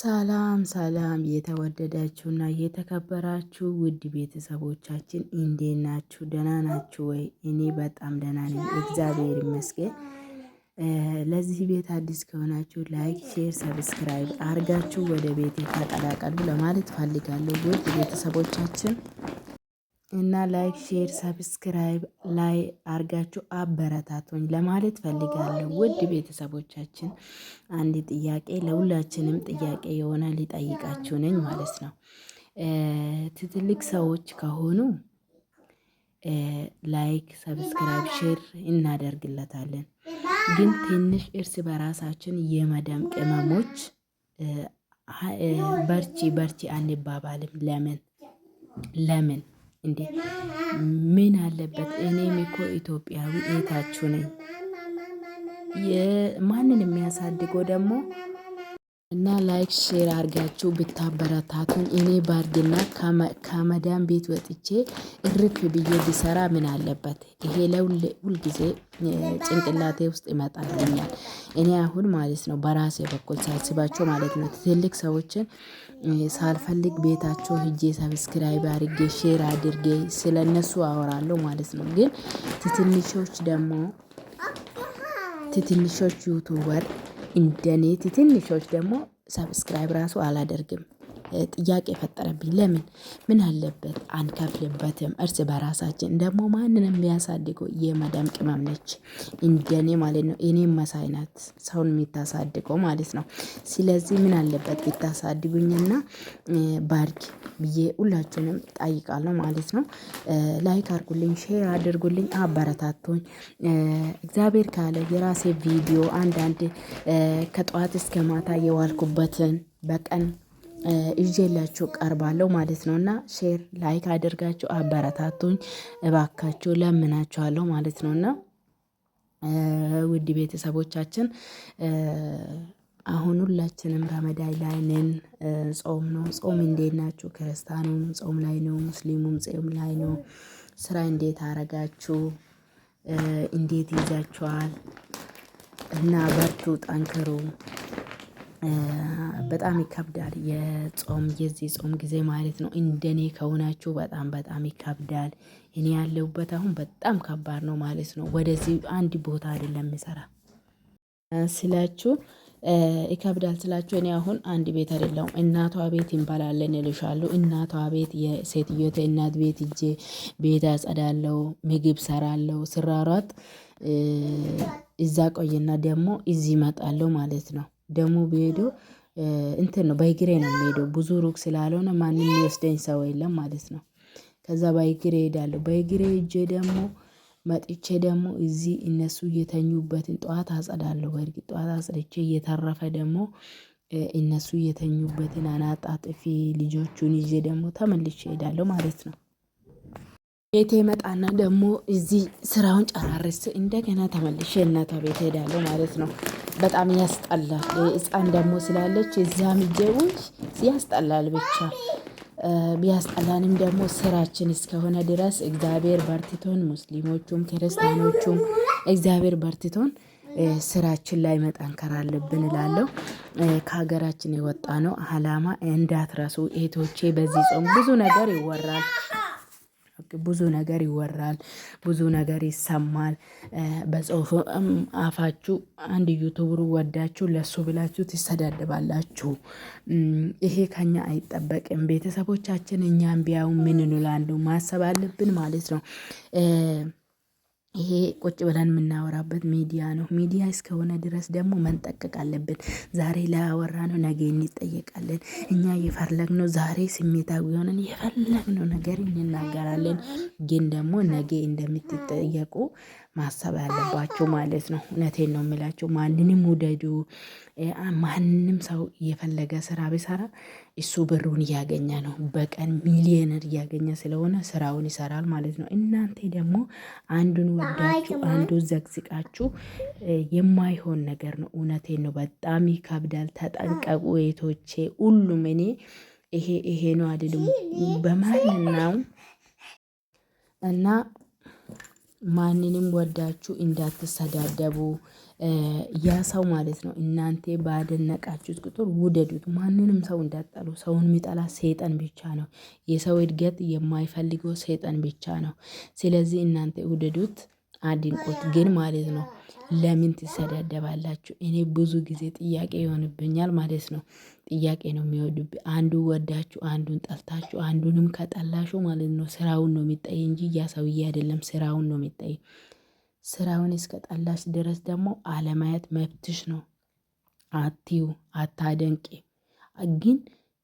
ሰላም ሰላም የተወደዳችሁና የተከበራችሁ ውድ ቤተሰቦቻችን እንዴት ናችሁ? ደህና ናችሁ ወይ? እኔ በጣም ደህና ነኝ፣ እግዚአብሔር ይመስገን። ለዚህ ቤት አዲስ ከሆናችሁ ላይክ፣ ሼር፣ ሰብስክራይብ አርጋችሁ ወደ ቤት ተቀላቀሉ ለማለት ፈልጋለሁ ውድ ቤተሰቦቻችን እና ላይክ ሼር ሰብስክራይብ ላይ አርጋችሁ አበረታቶኝ ለማለት ፈልጋለሁ። ውድ ቤተሰቦቻችን አንድ ጥያቄ ለሁላችንም ጥያቄ የሆነ ሊጠይቃችሁ ነኝ ማለት ነው። ትትልቅ ሰዎች ከሆኑ ላይክ ሰብስክራይብ ሼር እናደርግለታለን። ግን ትንሽ እርስ በራሳችን የመደም ቅመሞች በርቺ በርቺ አንባባልም። ለምን ለምን እንዴ ምን አለበት? እኔም እኮ ኢትዮጵያዊ እህታችሁ ነኝ። ማንን የሚያሳድገው ደግሞ እና ላይክ ሼር አርጋችሁ ብታበረታቱኝ እኔ ባርግና ከመዳን ቤት ወጥቼ እርፍ ብዬ ቢሰራ ምን አለበት? ይሄ ጊዜ ጭንቅላቴ ውስጥ ይመጣልኛል። እኔ አሁን ማለት ነው በራሴ በኩል ሳስባቸው ማለት ነው ትልቅ ሰዎችን ሳልፈልግ ቤታቸው ህጄ ሰብስክራይብ አድርጌ ሼር አድርጌ ስለእነሱ አወራለሁ ማለት ነው። ግን ትትንሾች ደግሞ ትትንሾች ዩቱበር እንደኔ ትንሾች ደግሞ ሰብስክራይብ ራሱ አላደርግም ጥያቄ ፈጠረብኝ። ለምን ምን አለበት አንከፍልበትም? እርስ በራሳችን ደግሞ ማንንም የሚያሳድገው የመደም ቅመም ነች እንደኔ ማለት ነው። እኔም መሳይ ናት ሰውን የሚታሳድገው ማለት ነው። ስለዚህ ምን አለበት ቢታሳድጉኝና ባርክ ብዬ ሁላችሁንም እጠይቃለሁ ማለት ነው። ላይክ አድርጉልኝ ሼር አድርጉልኝ አበረታቶኝ እግዚአብሔር ካለ የራሴ ቪዲዮ አንዳንድ ከጠዋት እስከ ማታ የዋልኩበትን በቀን ይዤላችሁ ቀርባለሁ ማለት ነው እና ሼር ላይክ አድርጋችሁ አበረታቱኝ እባካችሁ ለምናችኋለሁ ማለት ነው እና ውድ ቤተሰቦቻችን አሁን ሁላችንም ረመዳን ላይ ነን። ጾም ነው። ጾም እንዴት ናችሁ? ክርስቲያኑም ጾም ላይ ነው፣ ሙስሊሙም ጾም ላይ ነው። ስራ እንዴት አረጋችሁ? እንዴት ይዛችኋል? እና በርቱ፣ ጠንክሩ። በጣም ይከብዳል። የጾም የዚህ ጾም ጊዜ ማለት ነው። እንደኔ ከሆናችሁ በጣም በጣም ይከብዳል። እኔ ያለሁበት አሁን በጣም ከባድ ነው ማለት ነው። ወደዚህ አንድ ቦታ አይደለም የምሰራ ስላችሁ ይከብዳል ስላችሁ እኔ አሁን አንድ ቤት አይደለሁም። እናቷ ቤት እንበላለን እልሻለሁ። እናቷ ቤት የሴትዮቴ እናት ቤት እጄ ቤት አጸዳለሁ፣ ምግብ ሰራለሁ፣ ስራሯት እዛ ቆይና ደግሞ እዚህ ይመጣለሁ ማለት ነው። ደግሞ ብሄደው እንትን ነው በእግሬ ነው የምሄደው ብዙ ሩቅ ስላልሆነ ማንም የሚወስደኝ ሰው የለም ማለት ነው። ከዛ በእግሬ ሄዳለሁ። በእግሬ እጄ ደግሞ መጥቼ ደግሞ እዚህ እነሱ እየተኙበትን ጠዋት አጸዳለሁ በእርግ ጠዋት አጽድቼ እየተረፈ ደግሞ እነሱ እየተኙበትን አናጣጥፊ ልጆቹን ይዤ ደግሞ ተመልሼ እሄዳለሁ ማለት ነው። ቤቴ መጣና ደግሞ እዚህ ስራውን ጨራርሼ እንደገና ተመልሼ እናቷ ቤት እሄዳለሁ ማለት ነው በጣም ያስጠላል። ህፃን ደግሞ ስላለች የዚያ ምጀቦች ያስጠላል ብቻ ቢያስጠላንም ደግሞ ስራችን እስከሆነ ድረስ እግዚአብሔር በርትቶን ሙስሊሞቹም ክርስቲያኖቹም እግዚአብሔር በርትቶን ስራችን ላይ መጠንከር አለብን እላለሁ። ከሀገራችን የወጣ ነው አላማ እንዳትረሱ እህቶቼ። በዚህ ጾም ብዙ ነገር ይወራል። ብዙ ነገር ይወራል፣ ብዙ ነገር ይሰማል። በጽሁፍ አፋችሁ አንድ ዩቱብሩ ወዳችሁ ለሱ ብላችሁ ትሰዳድባላችሁ። ይሄ ከኛ አይጠበቅም። ቤተሰቦቻችን እኛም ቢያዩ ምን እንላለን ማሰብ አለብን ማለት ነው። ይሄ ቁጭ ብለን የምናወራበት ሚዲያ ነው። ሚዲያ እስከሆነ ድረስ ደግሞ መንጠቀቅ አለብን። ዛሬ ነው ነገ እንጠየቃለን። እኛ የፈለግነው ዛሬ ስሜታዊ ሆነን የፈለግነው ነገር እንናገራለን። ግን ደግሞ ነገ እንደምትጠየቁ ማሰብ ያለባችሁ ማለት ነው። እውነቴን ነው የሚላቸው ማንንም ውደዱ። ማንም ሰው እየፈለገ ስራ ቢሰራ እሱ ብሩን እያገኘ ነው። በቀን ሚሊዮነር እያገኘ ስለሆነ ስራውን ይሰራል ማለት ነው። እናንተ ደግሞ አንዱን ወዳችሁ አንዱ ዘግዝቃችሁ የማይሆን ነገር ነው። እውነቴን ነው። በጣም ይከብዳል። ተጠንቀቁ ቤቶቼ ሁሉም እኔ ይሄ ይሄ ነው አልልም በማንናው እና ማንንም ወዳችሁ እንዳትሰዳደቡ። ያ ሰው ማለት ነው እናንተ ባደነቃችሁት ቁጥር ውደዱት። ማንንም ሰው እንዳትጠሉ። ሰውን የሚጠላ ሰይጣን ብቻ ነው። የሰው እድገት የማይፈልገው ሰይጣን ብቻ ነው። ስለዚህ እናንተ ውደዱት። አድንቆት ግን ማለት ነው ለምን ትሰዳደባላችሁ? እኔ ብዙ ጊዜ ጥያቄ ይሆንብኛል ማለት ነው። ጥያቄ ነው የሚወዱብ አንዱ ወዳችሁ አንዱን ጠልታችሁ አንዱንም ከጠላሹ ማለት ነው ስራውን ነው የሚጠይ እንጂ ያ አይደለም ስራውን ነው የሚጠይ። ስራውን እስከ ጠላሽ ድረስ ደግሞ አለማየት መብትሽ ነው። አትዩ አታደንቂ ግን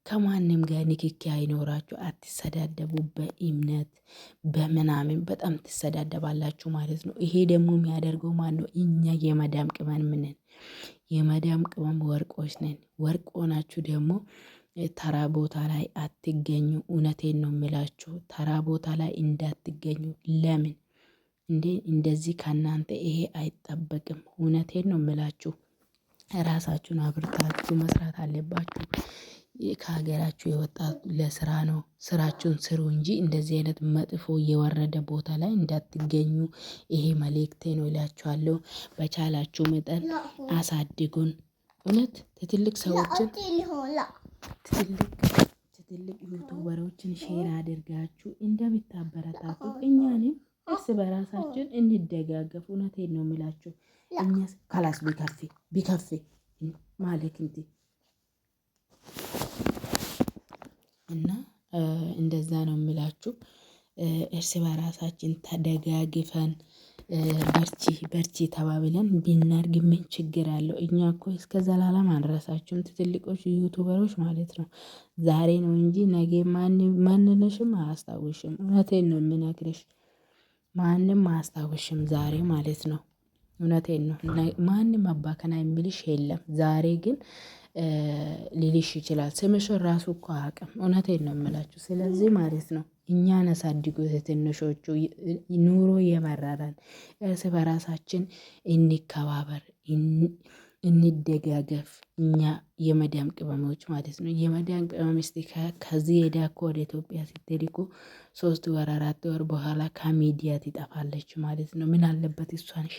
ከማንም ጋር ንክኪ አይኖራችሁ፣ አትሰዳደቡ። በእምነት በምናምን በጣም ትሰዳደባላችሁ ማለት ነው። ይሄ ደግሞ የሚያደርገው ማን ነው? እኛ የመዳም ቅመን ምንን የመዳም ቅመም ወርቆች ነን። ወርቅ ሆናችሁ ደግሞ ተራ ቦታ ላይ አትገኙ። እውነቴን ነው የምላችሁ፣ ተራ ቦታ ላይ እንዳትገኙ። ለምን እንዴ እንደዚህ ከእናንተ ይሄ አይጠበቅም። እውነቴን ነው የምላችሁ፣ ራሳችሁን አብርታችሁ መስራት አለባችሁ። ከሀገራችሁ የወጣ ለስራ ነው። ስራችሁን ስሩ እንጂ እንደዚህ አይነት መጥፎ እየወረደ ቦታ ላይ እንዳትገኙ ይሄ መልእክቴ ነው እላችኋለሁ። በቻላችሁ መጠን አሳድጉን። እውነት ትትልቅ ሰዎችን ትትልቅ ትትልቅ ዩቱበሮችን ሼር አድርጋችሁ እንደምታበረታቱ እኛንም እርስ በራሳችን እንደጋገፍ። እውነቴን ነው የምላችሁ። እኛ ካላስ ቢከፌ ቢከፌ ማለክ እንዴ እና እንደዛ ነው የምላችሁ። እርስ በራሳችን ተደጋግፈን በርቺ በርቺ ተባብለን ቢናርግ ምን ችግር አለው? እኛ እኮ እስከ ዘላለም አልረሳችሁም። ትልልቆች ዩቱበሮች ማለት ነው። ዛሬ ነው እንጂ ነገ ማንነሽም አያስታውሽም እውነቴን ነው የምነግርሽ። ማንም አያስታውሽም ዛሬ ማለት ነው። እውነቴን ነው ማንም አባከና የሚልሽ የለም። ዛሬ ግን ሊልሽ ይችላል። ስምሽን ራሱ እኮ አያውቅም። እውነቴን ነው የምላችሁ። ስለዚህ ማለት ነው እኛን አሳድጉት ትንሾቹ። ኑሮ የመረረን እርስ በራሳችን እንከባበር፣ እንደጋገፍ። እኛ የመዳም ቅመሞች ማለት ነው። የመዳም ቅመም ስ ከዚህ ሄዳ እኮ ወደ ኢትዮጵያ ስትሄድ ሶስት ወር አራት ወር በኋላ ከሚዲያ ትጠፋለች ማለት ነው። ምን አለበት እሷን